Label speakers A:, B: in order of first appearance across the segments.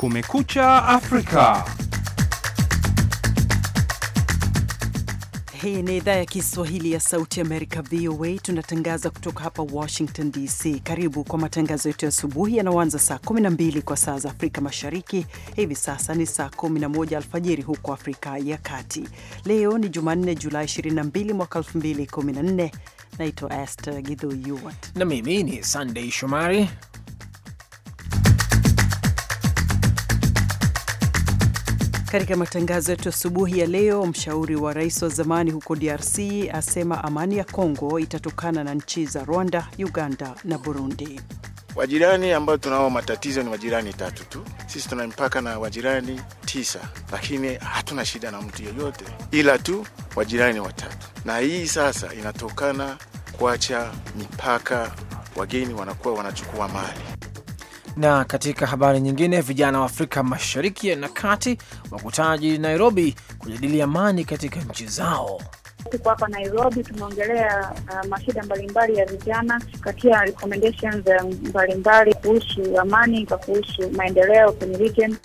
A: Kumekucha Afrika.
B: Hii ni idhaa ya Kiswahili ya Sauti Amerika, VOA. Tunatangaza kutoka hapa Washington DC. Karibu kwa matangazo yetu ya asubuhi yanaoanza saa 12 kwa saa za Afrika Mashariki. Hivi sasa ni saa 11 alfajiri huko Afrika ya Kati. Leo ni Jumanne, Julai 22 mwaka 2014. Naitwa Esther Gidhu
C: na mimi ni sandey Shomari
B: Katika matangazo yetu asubuhi ya leo, mshauri wa rais wa zamani huko DRC asema amani ya Kongo itatokana na nchi za Rwanda, Uganda na Burundi.
D: Wajirani ambao tunao matatizo ni wajirani tatu tu. Sisi tuna mpaka na wajirani tisa, lakini hatuna shida na mtu yoyote, ila tu wajirani watatu, na hii sasa inatokana kuacha mipaka, wageni wanakuwa wanachukua mali
C: na katika habari nyingine, vijana wa Afrika Mashariki na Kati wakutana jijini Nairobi kujadili amani katika nchi zao.
E: Tuko hapa Nairobi, tumeongelea uh, mashida mbalimbali ya vijana katia recommendations um, mbalimbali kuhusu amani kwa kuhusu maendeleo kwenye region.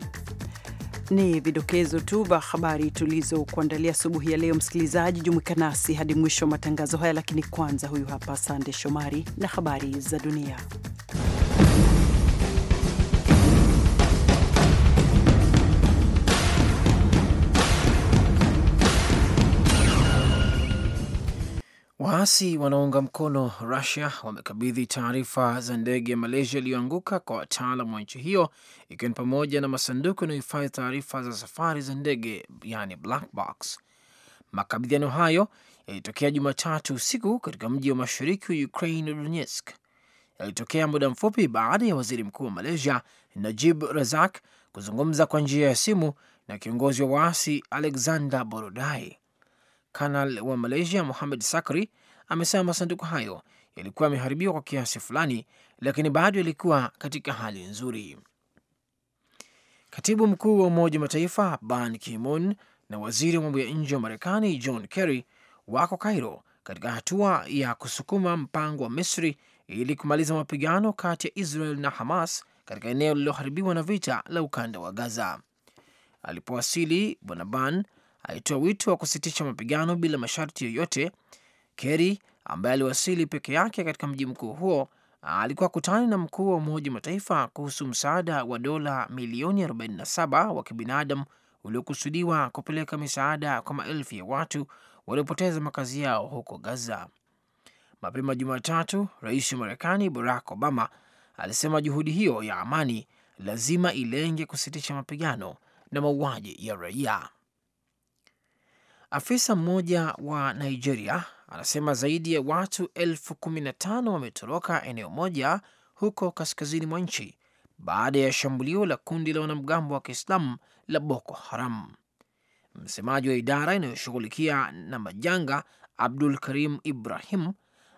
B: Ni vidokezo tu vya habari tulizokuandalia asubuhi ya leo. Msikilizaji, jumuika nasi hadi mwisho wa matangazo haya, lakini kwanza, huyu hapa Sande Shomari na habari za dunia.
C: Waasi wanaounga mkono Rusia wamekabidhi taarifa za ndege ya Malaysia iliyoanguka kwa wataalam wa nchi hiyo, ikiwa ni pamoja na masanduku yanayohifadhi taarifa za safari za ndege, yani black box. Makabidhiano hayo yalitokea Jumatatu usiku katika mji wa mashariki wa Ukraine wa Donetsk. Yalitokea muda mfupi baada ya waziri mkuu wa Malaysia Najib Razak kuzungumza kwa njia ya simu na kiongozi wa waasi Alexander Borodai. Kanal wa Malaysia muhamed Sakri amesema masanduku hayo yalikuwa yameharibiwa kwa kiasi fulani, lakini bado yalikuwa katika hali nzuri. Katibu mkuu wa Umoja wa Mataifa Ban kimun na waziri wa mambo ya nje wa Marekani John Kerry wako Cairo katika hatua ya kusukuma mpango wa Misri ili kumaliza mapigano kati ya Israel na Hamas katika eneo lililoharibiwa na vita la ukanda wa Gaza. Alipowasili, Bwana Ban alitoa wito wa kusitisha mapigano bila masharti yoyote. Kerry ambaye aliwasili peke yake katika mji mkuu huo alikuwa kutani na mkuu wa Umoja Mataifa kuhusu msaada wa dola milioni 47 wa kibinadamu uliokusudiwa kupeleka misaada kwa maelfu ya watu waliopoteza makazi yao huko Gaza. Mapema Jumatatu, rais wa Marekani Barack Obama alisema juhudi hiyo ya amani lazima ilenge kusitisha mapigano na mauaji ya raia. Afisa mmoja wa Nigeria anasema zaidi ya watu elfu kumi na tano wametoroka eneo moja huko kaskazini mwa nchi baada ya shambulio la kundi la wanamgambo wa Kiislamu la Boko Haram. Msemaji wa idara inayoshughulikia na majanga Abdul Karim Ibrahim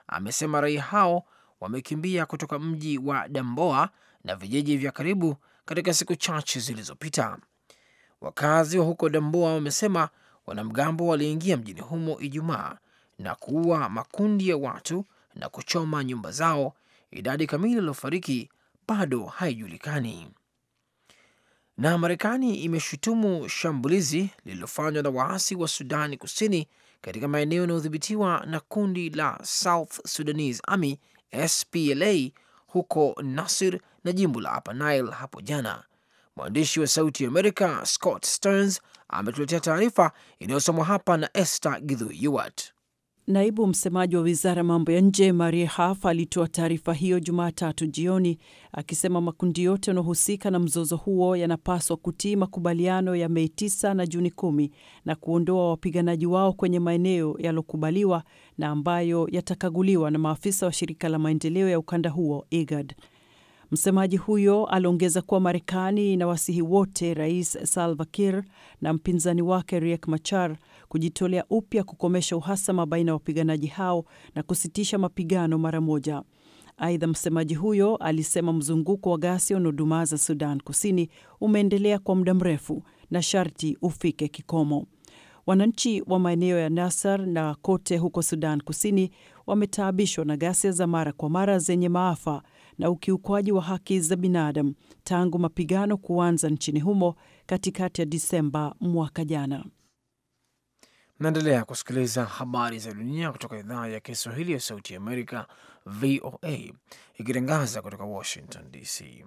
C: amesema raia hao wamekimbia kutoka mji wa Damboa na vijiji vya karibu katika siku chache zilizopita. Wakazi wa huko Damboa wamesema wanamgambo waliingia mjini humo Ijumaa na kuua makundi ya watu na kuchoma nyumba zao. Idadi kamili iliyofariki bado haijulikani. Na Marekani imeshutumu shambulizi lililofanywa na waasi wa Sudani Kusini katika maeneo yanayodhibitiwa na kundi la South Sudanese Army SPLA huko Nasir na jimbo la Upper Nile hapo jana Mwandishi wa Sauti ya Amerika Scott Stearns ametuletea taarifa inayosomwa hapa na Esther Githui
B: Naibu msemaji wa wizara ya mambo ya nje marie Harf alitoa taarifa hiyo Jumatatu jioni akisema makundi yote yanaohusika na mzozo huo yanapaswa kutii makubaliano ya Mei 9 na Juni kumi na kuondoa wapiganaji wao kwenye maeneo yaliyokubaliwa na ambayo yatakaguliwa na maafisa wa shirika la maendeleo ya ukanda huo IGAD. Msemaji huyo aliongeza kuwa Marekani inawasihi wote Rais Salva Kiir na mpinzani wake Riek Machar kujitolea upya kukomesha uhasama baina ya wapiganaji hao na kusitisha mapigano mara moja. Aidha, msemaji huyo alisema mzunguko wa ghasia unaodumaza Sudan Kusini umeendelea kwa muda mrefu na sharti ufike kikomo. Wananchi wa maeneo ya Nasar na kote huko Sudan Kusini wametaabishwa na ghasia za mara kwa mara zenye maafa na ukiukwaji wa haki za binadamu tangu mapigano kuanza nchini humo katikati ya Disemba mwaka jana.
C: Naendelea kusikiliza habari za dunia kutoka idhaa ya Kiswahili ya Sauti ya Amerika, VOA, ikitangaza kutoka Washington DC.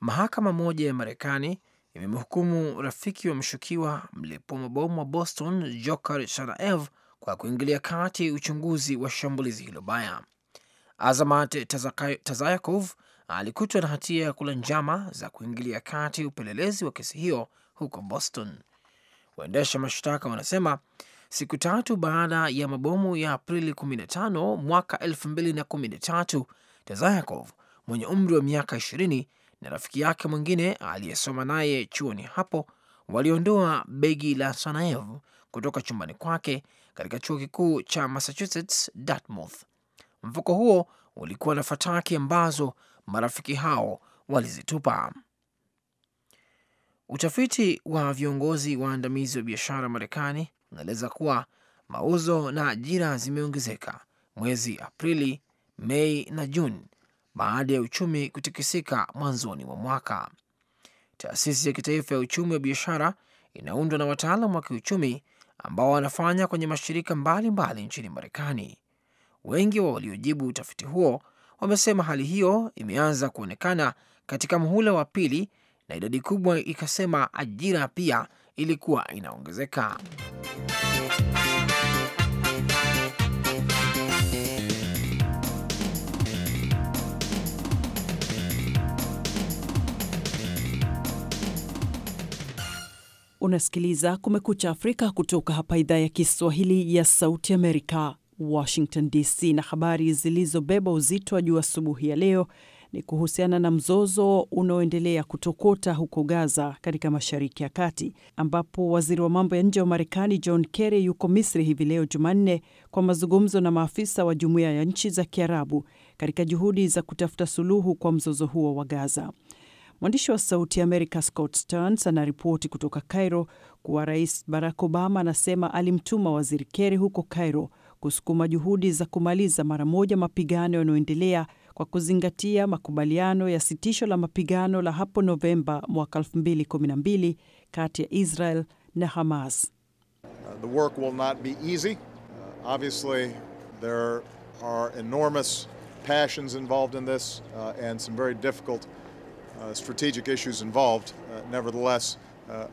C: Mahakama moja ya Marekani imemhukumu rafiki wa mshukiwa mlipua mabomu wa Boston Jokar sanaev kwa kuingilia kati uchunguzi wa shambulizi hilo baya. Azamat Tazayakov alikutwa na hatia ya kula njama za kuingilia kati upelelezi wa kesi hiyo huko Boston. Waendesha mashtaka wanasema siku tatu baada ya mabomu ya Aprili 15 mwaka 2013, Tazayakov mwenye umri wa miaka 20 na rafiki yake mwingine aliyesoma naye chuoni hapo waliondoa begi la Sanaev kutoka chumbani kwake katika chuo kikuu cha Massachusetts Dartmouth. Mfuko huo ulikuwa na fataki ambazo marafiki hao walizitupa. Utafiti wa viongozi waandamizi wa biashara Marekani unaeleza kuwa mauzo na ajira zimeongezeka mwezi Aprili, Mei na Juni baada ya uchumi kutikisika mwanzoni mwa mwaka. Taasisi ya kitaifa ya uchumi wa biashara inaundwa na wataalam wa kiuchumi ambao wanafanya kwenye mashirika mbalimbali mbali nchini Marekani. Wengi wa waliojibu utafiti huo wamesema hali hiyo imeanza kuonekana katika muhula wa pili, na idadi kubwa ikasema ajira pia ilikuwa inaongezeka.
B: Unasikiliza Kumekucha Afrika kutoka hapa idhaa ya Kiswahili ya Sauti Amerika. Washington DC. Na habari zilizobeba uzito wa juu asubuhi ya leo ni kuhusiana na mzozo unaoendelea kutokota huko Gaza katika Mashariki ya Kati, ambapo waziri wa mambo ya nje wa Marekani John Kerry yuko Misri hivi leo Jumanne kwa mazungumzo na maafisa wa Jumuiya ya Nchi za Kiarabu katika juhudi za kutafuta suluhu kwa mzozo huo wa Gaza. Mwandishi wa Sauti Amerika Scott Stearns anaripoti kutoka Cairo kuwa Rais Barack Obama anasema alimtuma Waziri Kerry huko Cairo kusukuma juhudi za kumaliza mara moja mapigano yanayoendelea kwa kuzingatia makubaliano ya sitisho la mapigano la hapo Novemba mwaka 2012 kati ya Israel na Hamas.
D: Uh, the work will not be easy. Uh, obviously there are enormous passions involved in this uh, and some very difficult uh, strategic issues involved. Uh, nevertheless, uh,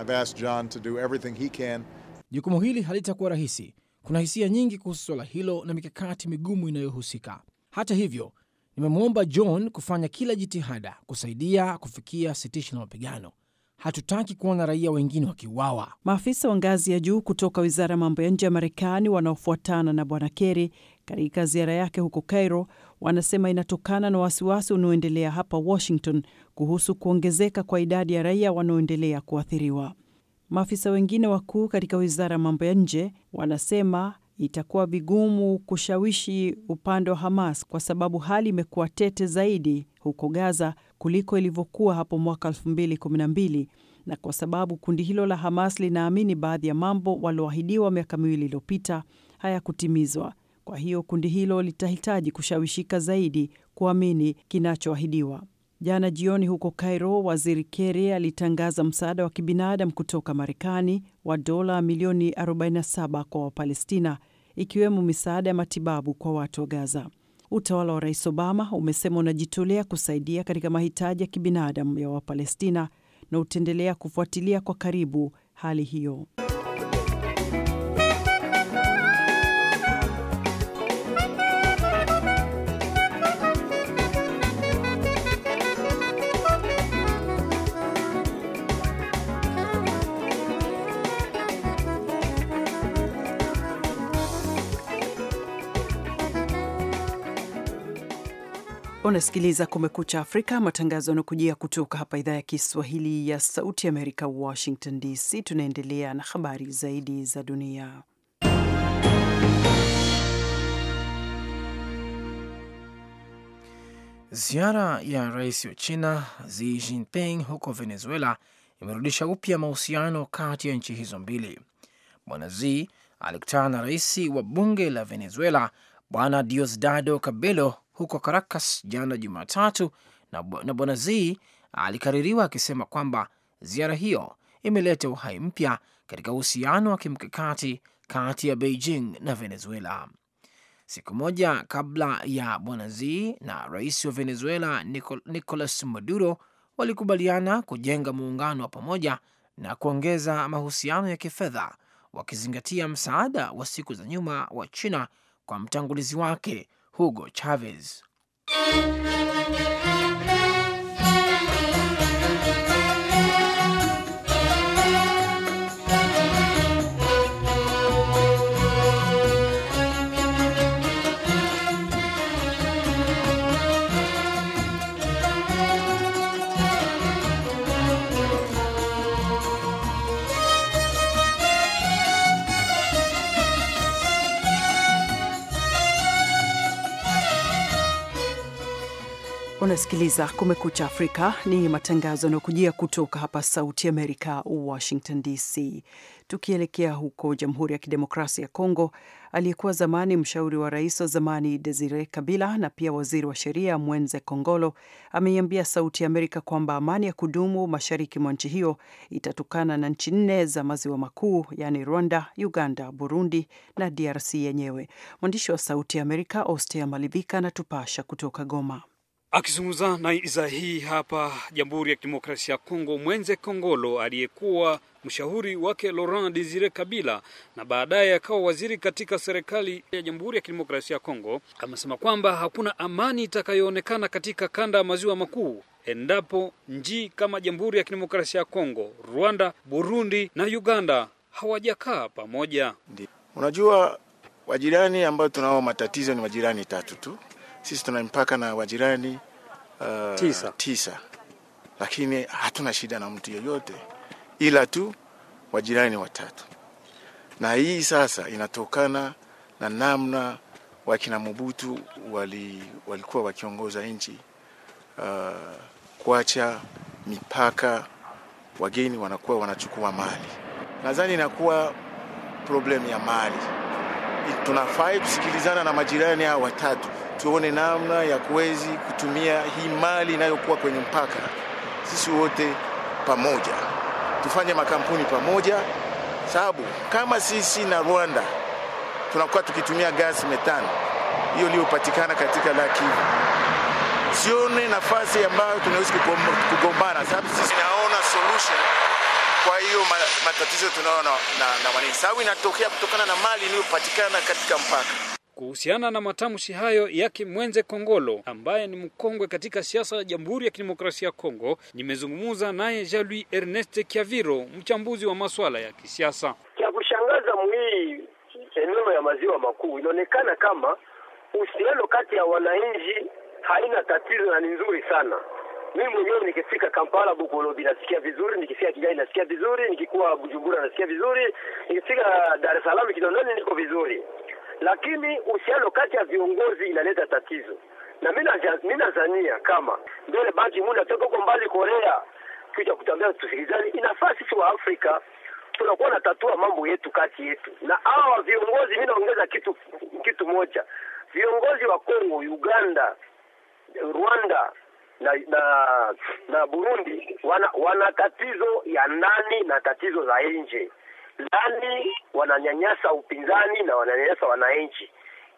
D: I've asked John to do everything he can. Jukumu
C: hili halitakuwa rahisi kuna hisia nyingi kuhusu swala hilo na mikakati migumu inayohusika. Hata hivyo, nimemwomba John kufanya kila jitihada kusaidia kufikia sitisho la mapigano. Hatutaki kuona raia wengine wakiuawa.
B: Maafisa wa ngazi ya juu kutoka wizara ya mambo ya nje ya Marekani wanaofuatana na Bwana Kerry katika ziara yake huko Cairo wanasema inatokana na wasiwasi unaoendelea hapa Washington kuhusu kuongezeka kwa idadi ya raia wanaoendelea kuathiriwa. Maafisa wengine wakuu katika wizara ya mambo ya nje wanasema itakuwa vigumu kushawishi upande wa Hamas kwa sababu hali imekuwa tete zaidi huko Gaza kuliko ilivyokuwa hapo mwaka 2012 na kwa sababu kundi hilo la Hamas linaamini baadhi ya mambo walioahidiwa miaka miwili iliyopita hayakutimizwa. Kwa hiyo kundi hilo litahitaji kushawishika zaidi kuamini kinachoahidiwa. Jana jioni huko Cairo, waziri Kerry alitangaza msaada wa kibinadamu kutoka Marekani wa dola milioni 47 kwa Wapalestina, ikiwemo misaada ya matibabu kwa watu wa Gaza. Utawala wa Rais Obama umesema unajitolea kusaidia katika mahitaji ya kibinadamu ya Wapalestina na utaendelea kufuatilia kwa karibu hali hiyo. Unasikiliza Kumekucha Afrika, matangazo yanakujia kutoka hapa idhaa ya Kiswahili ya Sauti Amerika, Washington DC. Tunaendelea na habari zaidi za dunia.
C: Ziara ya rais wa China Xi Jinping huko Venezuela imerudisha upya mahusiano kati ya nchi hizo mbili. Bwana Xi alikutana na rais wa bunge la Venezuela Bwana Diosdado Cabello huko Caracas jana Jumatatu, na Bwana Z alikaririwa akisema kwamba ziara hiyo imeleta uhai mpya katika uhusiano wa kimkakati kati ya Beijing na Venezuela. Siku moja kabla ya Bwana Z na rais wa Venezuela Nicolas Maduro walikubaliana kujenga muungano wa pamoja na kuongeza mahusiano ya kifedha wakizingatia msaada wa siku za nyuma wa China kwa mtangulizi wake Hugo Chavez.
B: Unasikiliza Kumekucha Afrika, ni matangazo yanayokujia kutoka hapa Sauti Amerika, Washington DC. Tukielekea huko Jamhuri ya Kidemokrasia ya Kongo, aliyekuwa zamani mshauri wa rais wa zamani Desire Kabila na pia waziri wa sheria Mwenze Kongolo ameiambia Sauti Amerika kwamba amani ya kudumu mashariki mwa nchi hiyo itatokana na nchi nne za maziwa makuu, yaani Rwanda, Uganda, Burundi na DRC yenyewe. Mwandishi wa Sauti Amerika Ostea Malivika anatupasha kutoka Goma.
F: Akizungumza na idhaa hii hapa Jamhuri ya Kidemokrasia ya Kongo, Mwenze Kongolo aliyekuwa mshauri wake Laurent Desire Kabila na baadaye akawa waziri katika serikali ya Jamhuri ya Kidemokrasia ya Kongo, amesema kwamba hakuna amani itakayoonekana katika kanda ya maziwa makuu endapo nchi kama Jamhuri ya Kidemokrasia ya Kongo, Rwanda, Burundi na Uganda hawajakaa pamoja.
D: Unajua, wajirani ambao tunao matatizo ni majirani tatu tu sisi tuna mpaka na wajirani uh, tisa. tisa, lakini hatuna shida na mtu yoyote, ila tu wajirani watatu, na hii sasa inatokana na namna wakina Mobutu wali, walikuwa wakiongoza nchi uh, kuacha mipaka, wageni wanakuwa wanachukua mali. Nadhani inakuwa problem ya mali. Tunafai kusikilizana na majirani hao watatu tuone namna ya kuwezi kutumia hii mali inayokuwa kwenye mpaka, sisi wote pamoja tufanye makampuni pamoja, sababu kama sisi na Rwanda tunakuwa tukitumia gasi metano hiyo iliyopatikana katika laki, sione nafasi ambayo tunaweza kugombana, sababu sisi naona solution kwa hiyo matatizo tunaona na, na, na sababu inatokea kutokana na mali iliyopatikana katika mpaka.
F: Kuhusiana na matamshi hayo yake Mwenze Kongolo, ambaye ni mkongwe katika siasa ya Jamhuri ya Kidemokrasia ya Kongo, nimezungumza naye Jean-Louis Ernest Kiaviro, mchambuzi wa masuala ya kisiasa.
G: Cha kushangaza mwii eneo ya maziwa makuu inaonekana kama uhusiano kati ya wananchi haina tatizo na ni nzuri sana. Mimi mwenyewe nikifika Kampala Bukolobi nasikia vizuri, nikifika Kigali nasikia vizuri, nikikuwa Bujumbura nasikia vizuri, nikifika Dar es Salaam Kinondoni niko vizuri lakini uhusiano kati ya viongozi inaleta tatizo, na mimi nazania kama mbele Banki Moon toka huko mbali Korea kuja kutambia tusikizani, Inafaa sisi wa Afrika tunakuwa na tatua mambo yetu kati yetu na hawa viongozi. Mimi naongeza kitu kitu moja, viongozi wa Kongo, Uganda, Rwanda na na, na Burundi wana, wana tatizo ya ndani na tatizo za nje ndani wananyanyasa upinzani na wananyanyasa wananchi,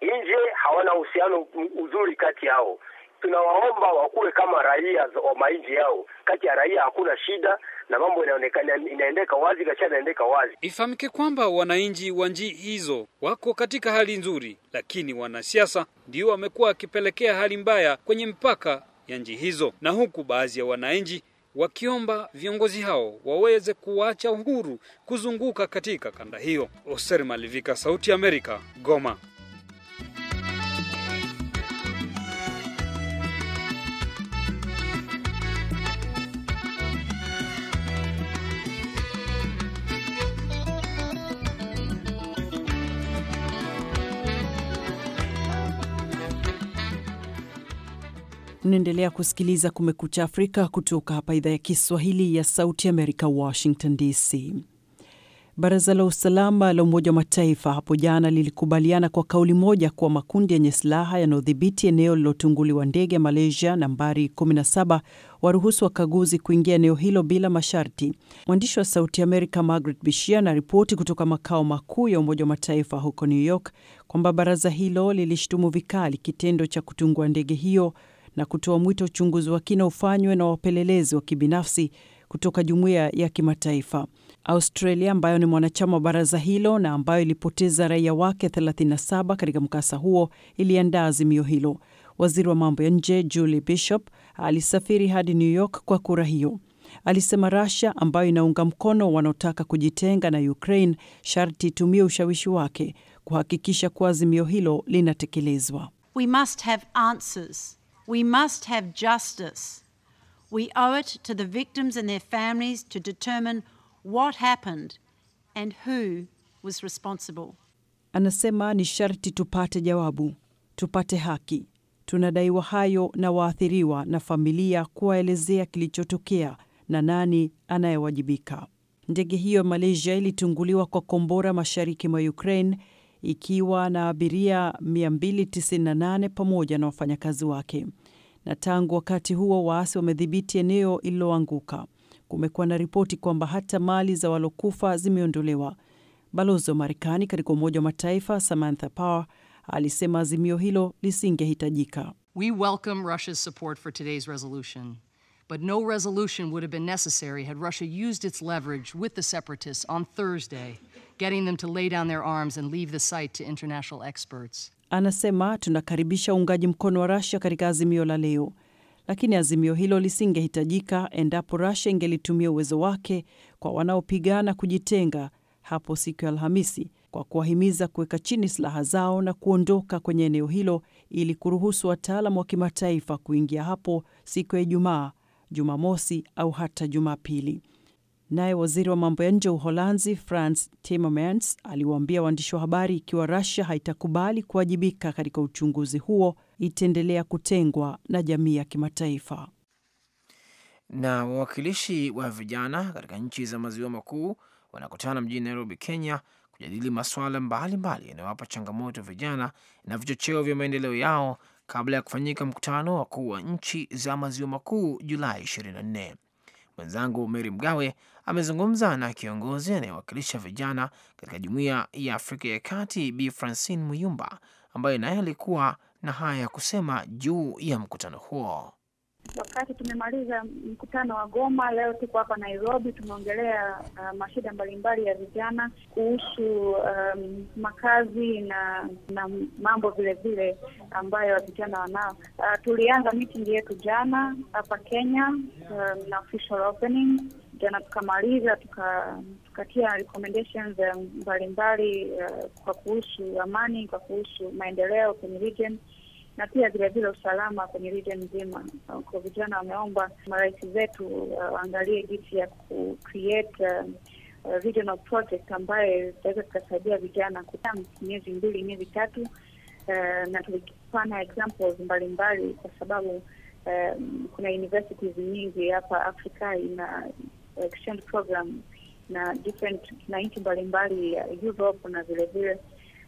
G: nje hawana uhusiano uzuri kati yao. Tunawaomba wakuwe kama raia wa mainji yao. Kati ya raia hakuna shida na mambo inaonekana inaendeka wazi, kasha inaendeka wazi.
F: Ifahamike kwamba wananchi wa njii hizo wako katika hali nzuri, lakini wanasiasa ndio wamekuwa wakipelekea hali mbaya kwenye mpaka ya nji hizo, na huku baadhi ya wananchi wakiomba viongozi hao waweze kuwaacha uhuru kuzunguka katika kanda hiyo. Oser Malivika, Sauti ya Amerika, Goma.
B: Unaendelea kusikiliza Kumekucha Afrika kutoka hapa idhaa ya Kiswahili ya Sauti Amerika, Washington DC. Baraza la Usalama la Umoja wa Mataifa hapo jana lilikubaliana kwa kauli moja kuwa makundi yenye silaha yanayodhibiti eneo lililotunguliwa ndege ya Malaysia nambari 17 waruhusu wakaguzi kuingia eneo hilo bila masharti. Mwandishi wa Sauti Amerika Margaret Bishia anaripoti kutoka makao makuu ya Umoja wa Mataifa huko New York kwamba baraza hilo lilishutumu vikali kitendo cha kutungua ndege hiyo na kutoa mwito uchunguzi wa kina ufanywe na wapelelezi wa kibinafsi kutoka jumuiya ya kimataifa. Australia ambayo ni mwanachama wa baraza hilo na ambayo ilipoteza raia wake 37 katika mkasa huo iliandaa azimio hilo. Waziri wa mambo ya nje Julie Bishop alisafiri hadi New York kwa kura hiyo. Alisema Russia ambayo inaunga mkono wanaotaka kujitenga na Ukraine sharti itumie ushawishi wake kuhakikisha kuwa azimio hilo linatekelezwa. We must have answers We must have justice. We owe it to the victims and their families to determine what happened and who was responsible. Anasema ni sharti tupate jawabu, tupate haki. Tunadaiwa hayo na waathiriwa na familia kuwaelezea kilichotokea na nani anayewajibika. Ndege hiyo Malaysia ilitunguliwa kwa kombora mashariki mwa Ukraine ikiwa na abiria 298 pamoja na wafanyakazi wake. Na tangu wakati huo waasi wamedhibiti eneo lililoanguka. Kumekuwa na ripoti kwamba hata mali za walokufa zimeondolewa. Balozi wa Marekani katika Umoja wa Mataifa Samantha Power alisema azimio hilo lisingehitajika.
A: We welcome Russia's support for today's resolution. But no resolution would have been necessary had Russia used its leverage with the separatists on Thursday getting them to lay down their arms and leave the site to international experts.
B: Anasema tunakaribisha uungaji mkono wa Russia katika azimio la leo, lakini azimio hilo lisingehitajika endapo Russia ingelitumia uwezo wake kwa wanaopigana kujitenga hapo siku ya Alhamisi kwa kuwahimiza kuweka chini silaha zao na kuondoka kwenye eneo hilo ili kuruhusu wataalamu wa kimataifa kuingia hapo siku ya Ijumaa, Jumamosi au hata Jumapili. Naye waziri wa mambo ya nje wa Uholanzi, Frans Timmermans, aliwaambia waandishi wa habari ikiwa rasia haitakubali kuwajibika katika uchunguzi huo itaendelea kutengwa na jamii ya kimataifa.
C: Na wawakilishi wa vijana katika nchi za maziwa makuu wanakutana mjini Nairobi, Kenya, kujadili masuala mbalimbali yanayowapa changamoto vijana na vichocheo vya maendeleo yao kabla ya kufanyika mkutano wa kuu wa nchi za maziwa makuu Julai 24. Mwenzangu Mary Mgawe amezungumza na kiongozi anayewakilisha vijana katika Jumuiya ya Afrika ya Kati, Bi Francine Muyumba, ambaye naye alikuwa na haya ya kusema juu ya mkutano huo.
E: Wakati tumemaliza mkutano wa Goma, leo tuko hapa Nairobi, tumeongelea uh, mashida mbalimbali ya vijana kuhusu um, makazi na na mambo vile vile ambayo vijana wanao. Uh, tulianza meeting yetu jana hapa Kenya um, na official opening jana tukamaliza tukatia tuka recommendations um, mbalimbali um, uh, kwa kuhusu amani, kwa kuhusu maendeleo kwenye region na pia vilevile usalama kwenye region nzima. Kwa vijana wameomba marais zetu uh, waangalie uh, jinsi ya ku create uh, uh, regional project ambayo itaweza tukasaidia vijana kuta miezi mbili miezi tatu uh, na tulipana examples mbalimbali kwa sababu um, kuna universities nyingi hapa Afrika ina exchange program na different na nchi mbalimbali ya Europe na vilevile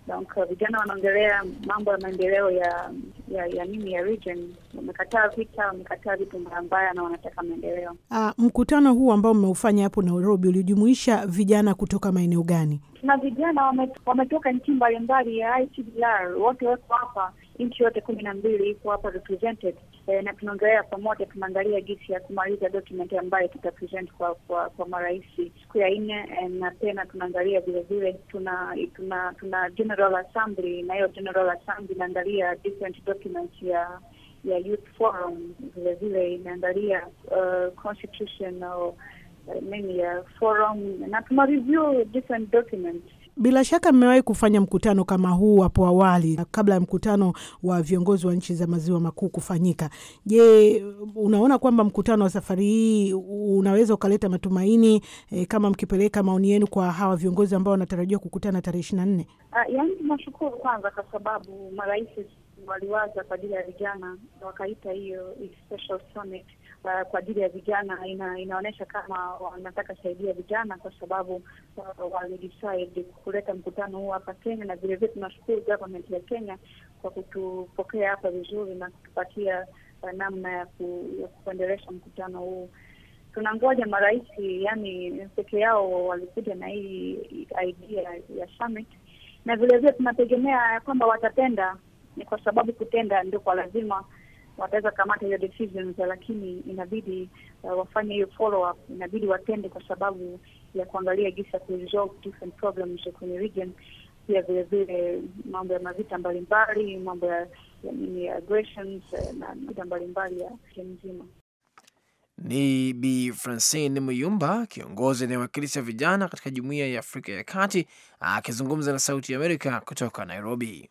E: Donc uh, vijana wanaongelea mambo ya maendeleo ya ya ya nini ya region, wamekataa vita, wamekataa vitu mbaya mbaya na wanataka maendeleo.
B: ah, mkutano huu ambao mmeufanya hapo Nairobi ulijumuisha vijana kutoka maeneo gani?
E: Tuna vijana wametoka wame nchi mbalimbali ya ICDR wote weko hapa nchi yote kumi na mbili iko hapa represented e, na tunaongelea pamoja, tunaangalia jinsi ya kumaliza document ambayo tuta present kwa kwa, kwa marais siku ya nne e, na tena tunaangalia vilevile tuna, tuna tuna general assembly, na hiyo general assembly inaangalia different documents ya ya youth forum, vilevile inaangalia uh, constitutional uh, nini ya forum na tuna review different documents
B: bila shaka mmewahi kufanya mkutano kama huu hapo awali, kabla ya mkutano wa viongozi wa nchi za maziwa makuu kufanyika. Je, unaona kwamba mkutano wa safari hii unaweza ukaleta matumaini e, kama mkipeleka maoni yenu kwa hawa viongozi ambao wanatarajiwa kukutana tarehe ishirini na nne?
E: Yaani, nashukuru kwanza kwa sababu marais waliwaza kwa ajili ya vijana, wakaita hiyo special summit uh, kwa ajili ya vijana ina, inaonyesha kama wanataka saidia vijana kwa sababu uh, walidecide kuleta mkutano huu hapa Kenya, na vilevile tunashukuru government ya Kenya kwa kutupokea hapa vizuri na kutupatia uh, namna ya, ku, ya kuendelesha mkutano huu. Tunangoja marais, yani peke yao walikuja na hii idea ya summit, na vilevile tunategemea kwamba watatenda, ni kwa sababu kutenda ndio kwa lazima wataweza kamata hiyo decisions, lakini inabidi uh, wafanye hiyo follow up, inabidi watende, kwa sababu ya kuangalia gisa ya kuresolve different problems kwenye region, pia vile vile mambo ya mavita mbalimbali, mambo ya nini aggressions eh, na mavita mbalimbali ya kimzima
C: Ni Bi Francine Muyumba, kiongozi anayewakilisha vijana katika Jumuiya ya Afrika ya Kati, akizungumza na Sauti ya Amerika kutoka Nairobi.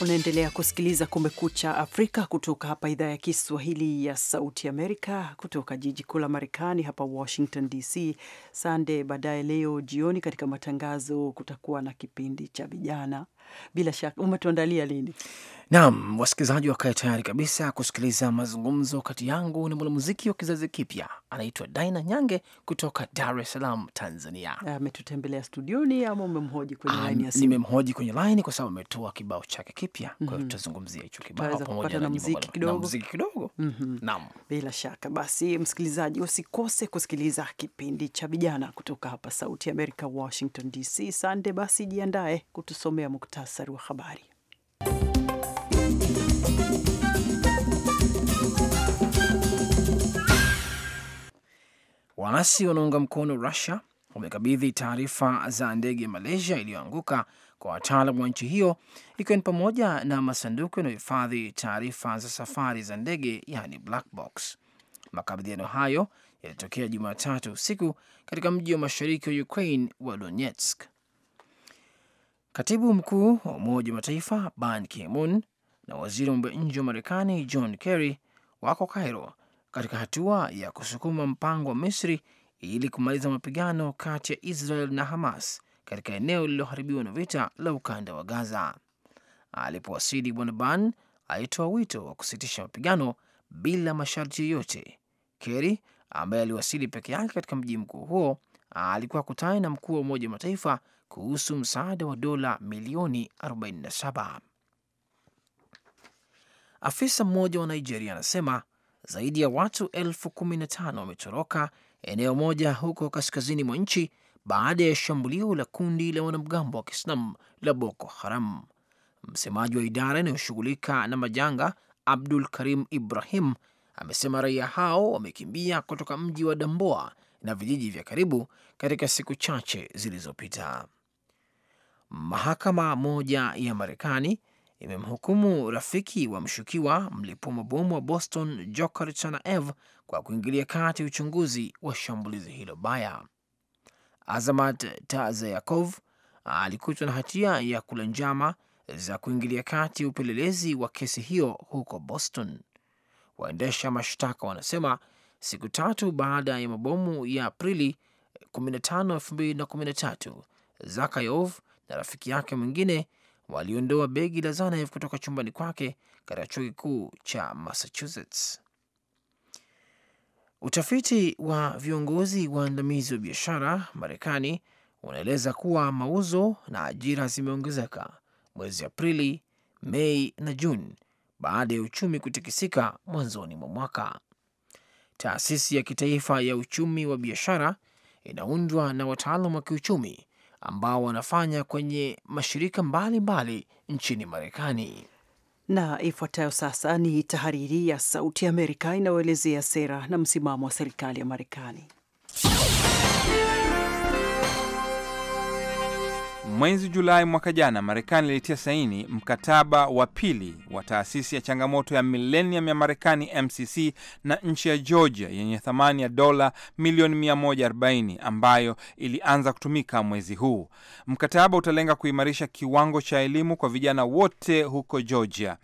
B: Unaendelea kusikiliza Kumekucha Afrika kutoka hapa idhaa ya Kiswahili ya Sauti Amerika, kutoka jiji kuu la Marekani hapa Washington DC. Sande, baadaye leo jioni katika matangazo kutakuwa na kipindi cha vijana bila shaka umetuandalia
C: lini? Naam, wasikilizaji wakae tayari kabisa kusikiliza mazungumzo kati yangu na mwanamuziki wa kizazi kipya anaitwa Daina Nyange kutoka Dar es Salaam, Tanzania. Ah, ametutembelea studioni ama umemhoji kwenye ah, laini ya simu? Nimemhoji kwenye laini kwa sababu ametoa kibao chake kipya, kwa hiyo mhm. tutazungumzia hicho kibao pamoja na muziki kidogo. Mhm. Naam, bila
B: shaka basi, msikilizaji usikose kusikiliza kipindi cha vijana kutoka hapa Sauti ya Amerika, Washington DC. Sande, basi jiandae kutusomea muktasari Muhtasari wa habari.
C: Waasi wanaunga mkono Rusia wamekabidhi taarifa za ndege ya Malaysia iliyoanguka kwa wataalam wa nchi hiyo ikiwa ni pamoja na masanduku yanayohifadhi taarifa za safari za ndege yani black box. Makabidhiano hayo yalitokea Jumatatu usiku katika mji wa mashariki wa Ukraine wa Donetsk. Katibu mkuu wa Umoja wa Mataifa Ban Ki-moon na waziri wa mambo ya nje wa Marekani John Kerry wako Cairo katika hatua ya kusukuma mpango wa Misri ili kumaliza mapigano kati ya Israel na Hamas katika eneo lililoharibiwa na vita la ukanda wa Gaza. Alipowasili, Bwana Ban alitoa wito wa kusitisha mapigano bila masharti yoyote. Kerry ambaye aliwasili peke yake katika mji mkuu huo alikuwa kutani na mkuu wa Umoja wa Mataifa kuhusu msaada wa dola milioni 47. Afisa mmoja wa Nigeria anasema zaidi ya watu elfu kumi na tano wametoroka eneo moja huko kaskazini mwa nchi baada ya shambulio la kundi la wanamgambo wa Kiislam la Boko Haram. Msemaji wa idara inayoshughulika na majanga Abdul Karim Ibrahim amesema raia hao wamekimbia kutoka mji wa Damboa na vijiji vya karibu katika siku chache zilizopita mahakama moja ya Marekani imemhukumu rafiki wa mshukiwa mlipua mabomu wa Boston Jokar Chanaev kwa kuingilia kati uchunguzi wa shambulizi hilo baya. Azamat tazayakov alikutwa na hatia ya kula njama za kuingilia kati upelelezi wa kesi hiyo huko Boston. Waendesha mashtaka wanasema siku tatu baada ya mabomu ya Aprili 15, 2013 Zakayov na rafiki yake mwingine waliondoa begi la Zanaev kutoka chumbani kwake katika chuo kikuu cha Massachusetts. Utafiti wa viongozi waandamizi wa biashara Marekani unaeleza kuwa mauzo na ajira zimeongezeka mwezi Aprili, Mei na Juni baada ya uchumi kutikisika mwanzoni mwa mwaka. Taasisi ya kitaifa ya uchumi wa biashara inaundwa na wataalam wa kiuchumi ambao wanafanya kwenye mashirika mbalimbali mbali nchini Marekani.
B: Na ifuatayo sasa ni tahariri ya Sauti ya Amerika inayoelezea sera na msimamo wa serikali ya Marekani.
A: Mwezi Julai mwaka jana, Marekani ilitia saini mkataba wa pili wa taasisi ya changamoto ya milenium ya Marekani, MCC, na nchi ya Georgia yenye thamani ya dola milioni 140 ambayo ilianza kutumika mwezi huu. Mkataba utalenga kuimarisha kiwango cha elimu kwa vijana wote huko Georgia.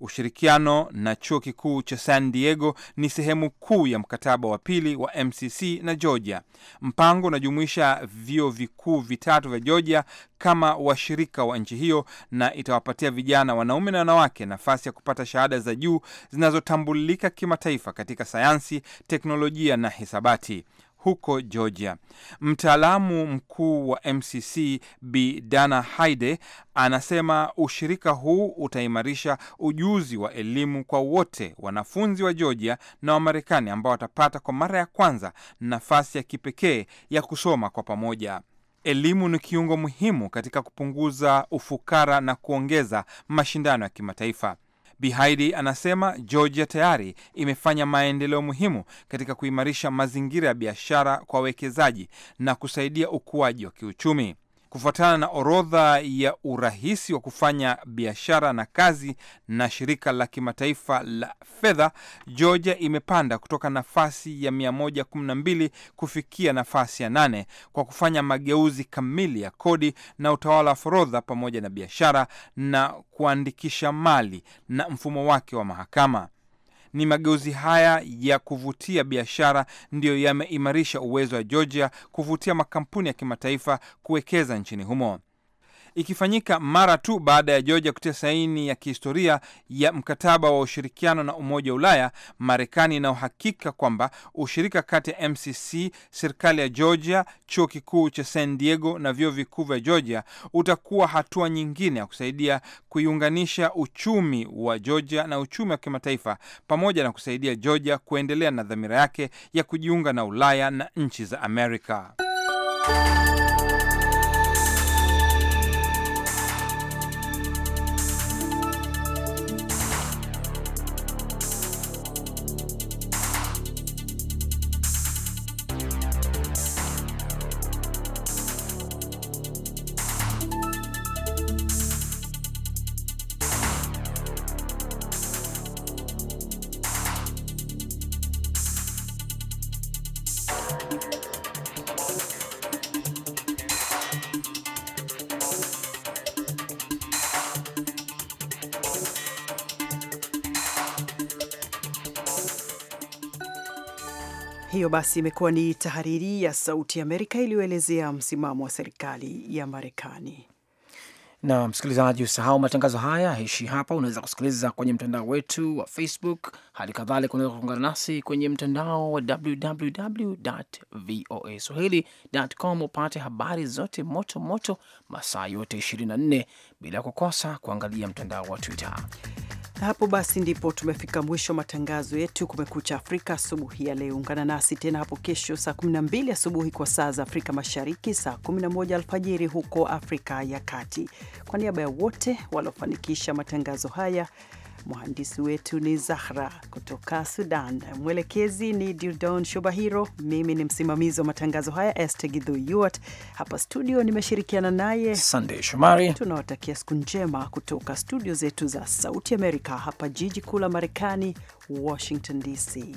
A: Ushirikiano na chuo kikuu cha San Diego ni sehemu kuu ya mkataba wa pili wa MCC na Georgia. Mpango unajumuisha vyuo vikuu vitatu vya Georgia kama washirika wa nchi hiyo, na itawapatia vijana wanaume na wanawake nafasi ya kupata shahada za juu zinazotambulika kimataifa katika sayansi, teknolojia na hisabati huko Georgia. Mtaalamu mkuu wa MCC Bi Dana Haide anasema ushirika huu utaimarisha ujuzi wa elimu kwa wote, wanafunzi wa Georgia na Wamarekani ambao watapata kwa mara ya kwanza nafasi ya kipekee ya kusoma kwa pamoja. Elimu ni kiungo muhimu katika kupunguza ufukara na kuongeza mashindano ya kimataifa bihaidi anasema Georgia tayari imefanya maendeleo muhimu katika kuimarisha mazingira ya biashara kwa wawekezaji na kusaidia ukuaji wa kiuchumi kufuatana na orodha ya urahisi wa kufanya biashara na kazi na shirika la kimataifa la fedha, Georgia imepanda kutoka nafasi ya 112 kufikia nafasi ya nane kwa kufanya mageuzi kamili ya kodi na utawala wa forodha pamoja na biashara na kuandikisha mali na mfumo wake wa mahakama. Ni mageuzi haya ya kuvutia biashara ndiyo yameimarisha uwezo wa Georgia kuvutia makampuni ya kimataifa kuwekeza nchini humo ikifanyika mara tu baada ya Georgia kutia saini ya kihistoria ya mkataba wa ushirikiano na Umoja wa Ulaya. Marekani ina uhakika kwamba ushirika kati ya MCC, serikali ya Georgia, chuo kikuu cha San Diego na vyuo vikuu vya Georgia utakuwa hatua nyingine ya kusaidia kuiunganisha uchumi wa Georgia na uchumi wa kimataifa, pamoja na kusaidia Georgia kuendelea na dhamira yake ya kujiunga na Ulaya na nchi za Amerika.
B: basi imekuwa ni tahariri ya Sauti ya Amerika iliyoelezea msimamo wa
C: serikali ya Marekani. Na msikilizaji, usahau matangazo haya hishi hapa, unaweza kusikiliza kwenye mtandao wetu wa Facebook. Hali kadhalika unaweza kuungana nasi kwenye mtandao wa www voa swahili.com upate habari zote moto moto masaa yote 24 bila kukosa kuangalia mtandao wa
B: Twitter. Na hapo basi ndipo tumefika mwisho matangazo yetu Kumekucha Afrika asubuhi ya leo. Ungana nasi tena hapo kesho saa 12 asubuhi kwa saa za Afrika Mashariki, saa 11 alfajiri huko Afrika ya Kati. Kwa niaba ya wote waliofanikisha matangazo haya Mhandisi wetu ni Zahra kutoka Sudan, mwelekezi ni Dildon Shubahiro, mimi ni msimamizi wa matangazo haya Estegidhu Yuat. Hapa studio nimeshirikiana naye Sandey Shomari. Tunawatakia siku njema kutoka studio zetu za Sauti Amerika, hapa jiji kuu la Marekani, Washington DC.